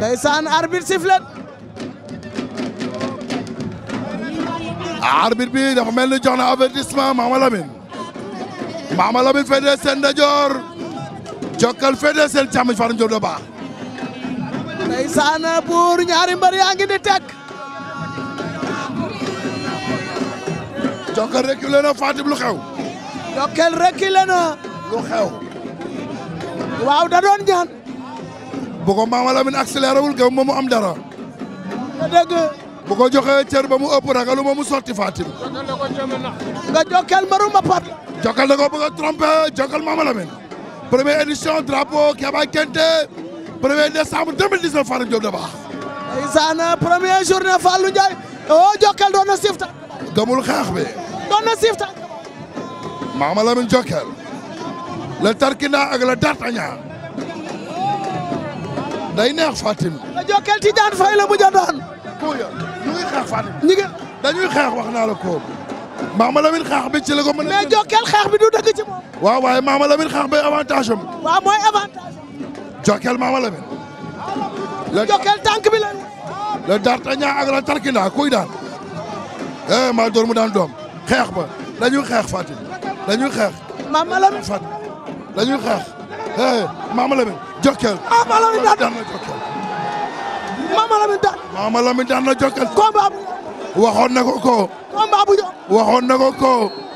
ndeysaan arbitre sifflet arbitre bi dafa mel ni jox na avertissement Mama Lamine Mama Lamine féetee seen ndajoor jokkal féetee seen càmmoñ Fatou Ndiop do baax ndeysaan pour ñaari mbër yaa ngi di lu xew jokkal reculé lu xew waaw da ñaan bu ko Mama Lamine gëm ma am dara. dëgg. bu ko joxee ba mu ëpp ragalu ma sotti Fatim. nga jokkal maru ma pat. jokkal da ko bëgg a trompé jokkal Mama Lamine. première édition drapeau Kente premier décembre 2019 Fatim Diop da baax. isaana première journée Fallou Ndiaye oh jokkal doon na sifta. gëmul xeex bi. doon sifta. Mama Lamine jokkal. le tarkina ak dartaña. day neex Fatim. nga jokel ci daan fay la bu ja daan. Pouya Fatim. ñu ngi dañuy xex wax naa la ko. Maama Lamine xex bi ci la ko mën mais jokkeel xeex bi du dëgg ci moom. waaw waaye Maama Lamine xeex bay avantage am. waaw mooy avantage am. jokkeel Lamine. la tànk bi la. le Dartagnan ak la Tarkinda kuy daan. eh maa door mu daan doom xeex ba dañuy xeex Fatim dañuy xeex. Maama Lamine Fatim dañuy xeex. Mama Lamine Jokal. Mama Lamine daan na Jokal. Mama Lamine daan. Mama Lamine waxoon na ko ko. combat bu waxoon na ko